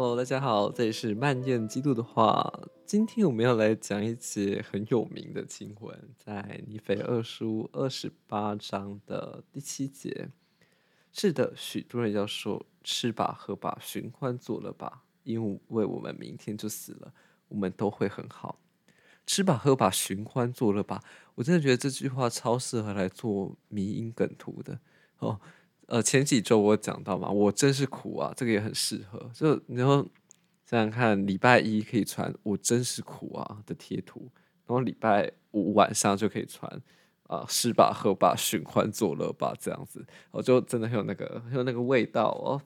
Hello，大家好，這裡是曼燕基督的話。今天我們要來講一節很有名的經文，在尼腓二書二十八章的第七節。是的，許多人要說：“吃吧，喝吧，尋歡作樂吧，因為我們明天就死了，我們都會很好。”吃吧，喝吧，尋歡作樂吧。我真的覺得這句話超適合來做迷因梗圖的哦。呃，前幾週我講到嘛，我真是苦啊，這個也很適合。就你說想想看，禮拜一可以穿“我真是苦啊”的貼圖，然後禮拜五晚上就可以穿「啊、呃，吃吧喝吧，尋歡作樂吧」這樣子，我、哦、就真的很有那個很有那個味道哦。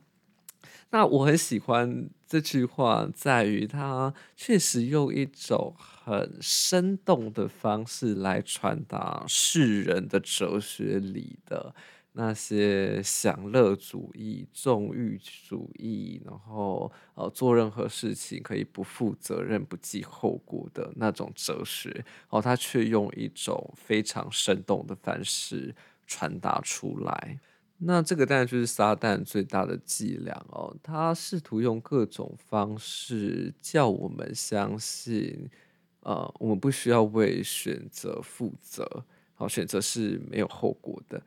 那我很喜歡這句話，在於它確實用一種很生動的方式來傳達世人的哲學裡的。那些享樂主義、縱欲主義，然後呃，做任何事情可以不負責任、不計後果的那種哲學，哦，他卻用一種非常生動的方式傳達出來。那這個當然就是撒旦最大的伎倆哦，他試圖用各種方式叫我們相信，呃，我們不需要為選擇負責，好、哦，選擇是沒有後果的。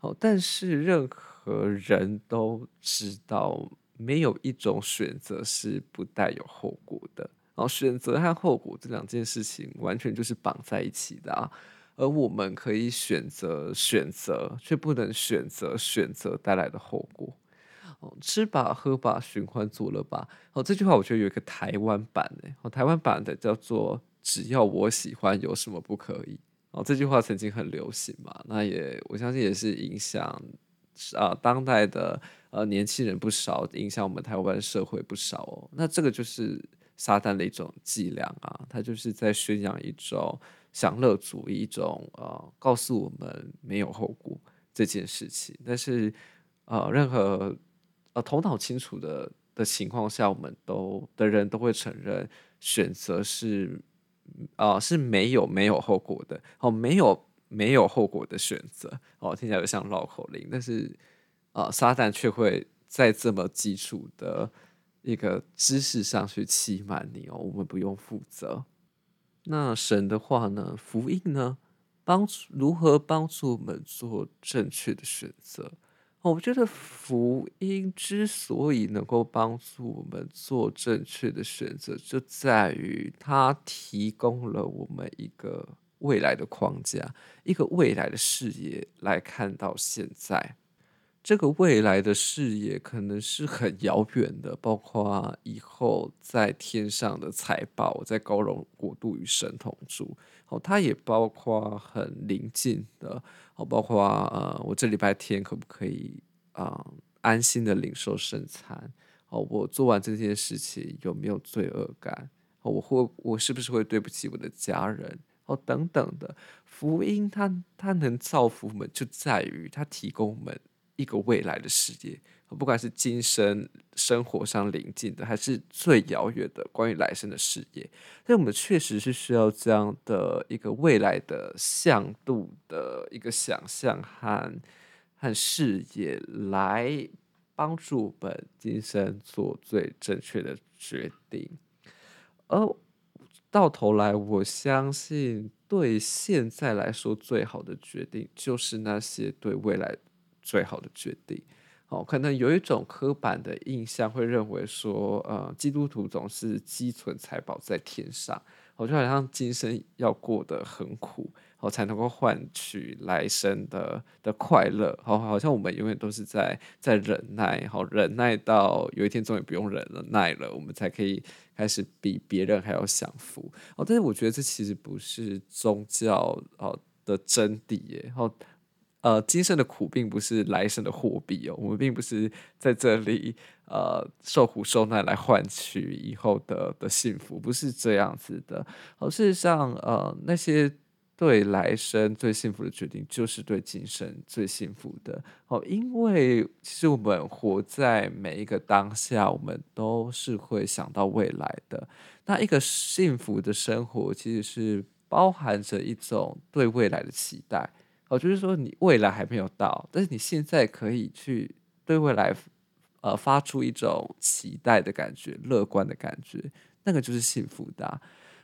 哦，但是任何人都知道，沒有一種選擇是不帶有後果的。哦，選擇和後果這兩件事情完全就是綁在一起的啊。而我們可以選擇選擇，卻不能選擇選擇帶來的後果。哦，吃吧，喝吧，尋歡作樂吧。哦，這句話我覺得有一個台灣版誒，哦，台灣版的叫做“只要我喜歡，有什麼不可以”。哦，這句話曾經很流行嘛？那也我相信也是影響啊、呃、當代的呃年輕人不少，影響我們台灣社會不少、哦。那這個就是撒旦的一種伎倆啊，他就是在宣揚一種享樂主義，一種啊、呃、告訴我們沒有後果這件事情。但是啊、呃，任何啊、呃、頭腦清楚的的情況下，我們都的人都會承認選擇是。哦、呃，是沒有沒有後果的哦，沒有沒有後果的選擇哦，聽起來就像繞口令，但是啊、呃，撒旦卻會在這麼基礎的一個知識上去欺瞞你哦，我們不用負責。那神的話呢？福音呢？幫助如何幫助我們做正確的選擇？我覺得福音之所以能夠幫助我們做正確的選擇，就在於它提供了我們一個未來的框架，一個未來的視野來看到現在。這個未來的事業可能是很遙遠的，包括以後在天上的財寶，我在高榮國度與神同住。哦，它也包括很臨近的，哦，包括啊、呃，我這禮拜天可不可以啊、呃、安心的領受聖餐？哦，我做完這件事情有沒有罪惡感？好，我會，我是不是會對不起我的家人？哦，等等的福音它，它它能造福我們，就在於它提供我們。一個未來的事業，不管是今生生活上臨近的，還是最遙遠的關於來生的事業，但我們確實是需要這樣的一個未來的向度的一個想象和和視野來幫助本今生做最正確的決定。而到頭來，我相信對現在來說最好的決定，就是那些對未來。最好的決定哦，可能有一種刻板的印象會認為說，呃，基督徒總是積存財寶在天上，我、哦、就好像今生要過得很苦，哦，才能夠換取來生的的快樂，好、哦、好像我們永遠都是在在忍耐，好、哦，忍耐到有一天終於不用忍耐了，我們才可以開始比別人還要享福哦。但是我覺得這其實不是宗教哦的真諦，哦呃，今生的苦並不是來生的貨幣哦，我們並不是在這裡呃受苦受難來換取以後的的幸福，不是這樣子的。好、哦。事實上，呃，那些對來生最幸福的決定，就是對今生最幸福的哦，因為其實我們活在每一個當下，我們都是會想到未來的。那一個幸福的生活，其實是包含着一種對未來的期待。哦，就是說你未來還沒有到，但是你現在可以去對未來，呃，發出一種期待的感覺，樂觀的感覺，那個就是幸福的啊。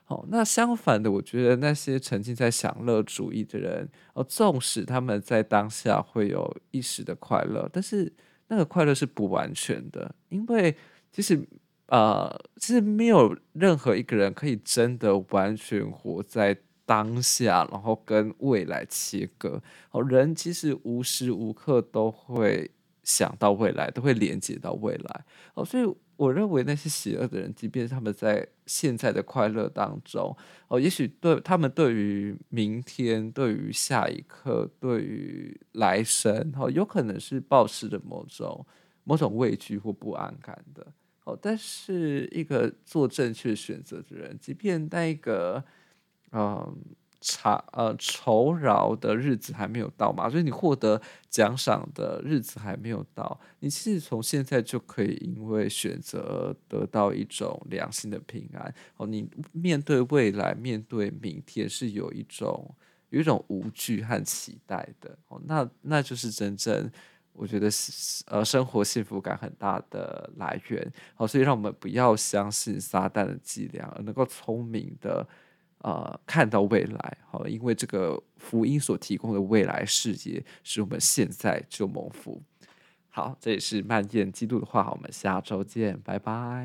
好，哦，那相反的，我覺得那些沉浸在享樂主義的人，哦，呃，縱使他們在當下會有一時的快樂，但是那個快樂是不完全的，因為其實，呃，其實沒有任何一個人可以真的完全活在。當下，然後跟未來切割。哦，人其實無時無刻都會想到未來，都會連接到未來。哦，所以我認為那些邪惡的人，即便他們在現在的快樂當中，哦，也許對他們對於明天、對於下一刻、對於來生，哦，有可能是抱持的某種、某種畏懼或不安感的。哦，但是一個做正確選擇的人，即便那一個。嗯，償呃酬勞、呃、的日子還沒有到嘛，所、就、以、是、你獲得獎賞的日子還沒有到。你其實從現在就可以因為選擇得到一種良心的平安哦，你面對未來，面對明天是有一種有一種無懼和期待的哦。那那就是真正我覺得是呃生活幸福感很大的來源哦。所以讓我們不要相信撒旦的伎倆，能夠聰明的。呃，看到未來，好，因為這個福音所提供的未來世界，是我們現在就蒙福。好，這也是漫宴基督的話。好，我們下周見，拜拜。